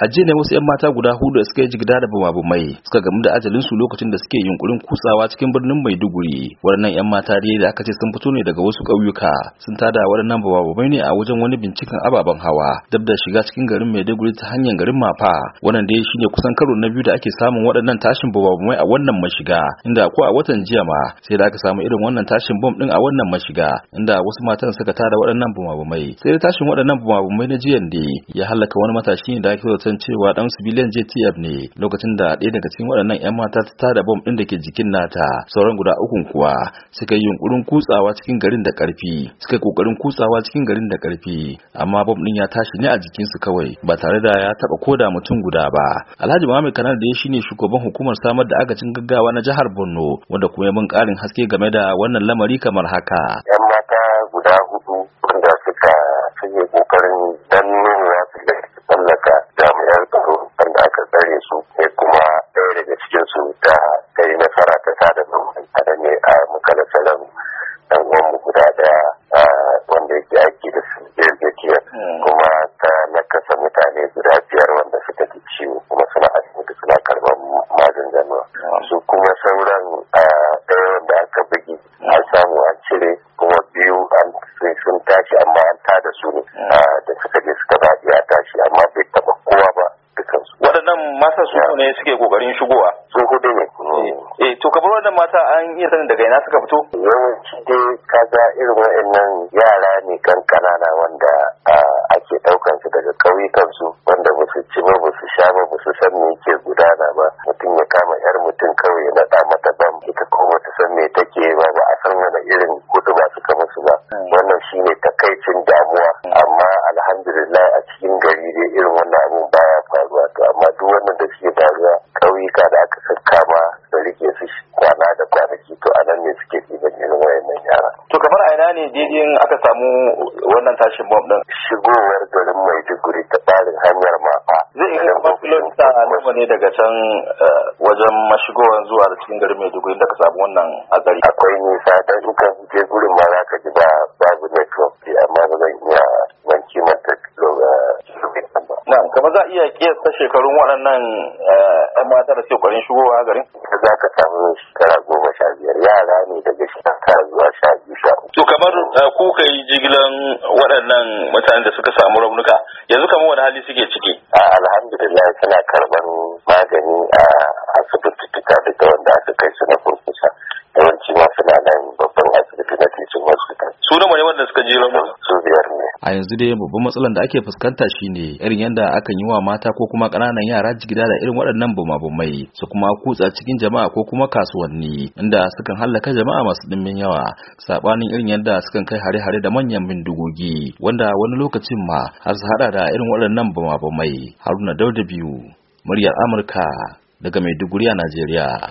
a jiya ne wasu yan mata guda hudu suka yi jigida da mai suka gamu da ajalin lokacin da suke yunkurin kusawa cikin birnin Maiduguri waɗannan yan mata dai da aka ce sun fito ne daga wasu ƙauyuka sun tada waɗannan mai ne a wajen wani binciken ababen hawa dab da shiga cikin garin Maiduguri ta hanyar garin Mafa wannan dai shine kusan karo na biyu da ake samun waɗannan tashin mai a wannan mashiga inda ko a watan jiya ma sai da aka samu irin wannan tashin bom din a wannan mashiga inda wasu matan suka tada waɗannan mai. sai da tashin waɗannan mai na jiya ne ya halaka wani matashi da ake zaton cewa dan civilian JTF ne lokacin da ɗaya daga cikin waɗannan 'yan mata ta tada bom ɗin da ke jikin nata sauran guda ukun kuwa suka yi yunkurin kutsawa cikin garin da ƙarfi suka kokarin kutsawa cikin garin da ƙarfi amma bom ɗin ya tashi ne a jikin su kawai ba tare da ya taba koda mutum guda ba Alhaji Muhammad Kanar da ya shine shugaban hukumar samar da agajin gaggawa na jihar Borno wanda kuma ya bin ƙarin haske game da wannan lamari kamar haka. 'Yan mata guda hudu wanda su kuma sauran ɗaya da aka bugi an samu an cire kuma biyu an sun tashi amma an da su ne da suka je suka baɗi a tashi amma bai taɓa kowa ba dukansu. waɗannan mata su ne suke ƙoƙarin shigowa. su hudu ne. Eh, eh to kamar waɗannan mata an iya sanin daga ina suka fito. yawanci dai kaga irin waɗannan yara ne kan ƙanana wanda ake ɗaukansu daga ƙauyukansu wanda ba su ci ba ba su sha ba ba su san me yake Hmm. wannan irin kudu ba suka su ba wannan shi shine takaicin damuwa hmm. amma alhamdulillah a cikin gari dai irin wannan abun baya faruwa to amma duk wannan da suke faruwa ƙauyuka da aka san kama da rike su kwana da kwanaki to a nan ne suke ɗiban irin wayannan yara. to kamar a ina ne daidai aka samu wannan tashin bom ɗin. shigowar garin maiduguri ta ɓarin hanyar kamar ne daga can eh, wajen mashigowar zuwa da cikin garin dubu da ka samu wannan hatsari. Akwai nisa dan in ka je gurin ma za ka ji ba babu network amma ba zan iya ban kimanta kilomita eh, ba. Na kamar za a iya kiyasta shekarun waɗannan 'yan eh, mata da ke kwarin shigowa garin? Za ka samu shekara goma sha biyar. Eh, ku ka jigilan waɗannan mutanen da suka samu raunuka yanzu kamar wani hali suke ciki ah, alhamdulillah suna karɓar magani a ah, nawa mai wanda suka je rafa su a yanzu dai babban matsalar da ake fuskanta shine irin yadda akan yi wa mata ko kuma ƙananan yara jigida da irin waɗannan bumabumai su kuma kutsa cikin jama'a ko kuma kasuwanni inda sukan hallaka jama'a masu ɗimbin yawa saɓanin irin yadda sukan kai hare-hare da manyan bindigogi wanda wani lokacin ma har su hada da irin waɗannan bumabumai haruna dauda biyu muryar amurka daga maiduguri a najeriya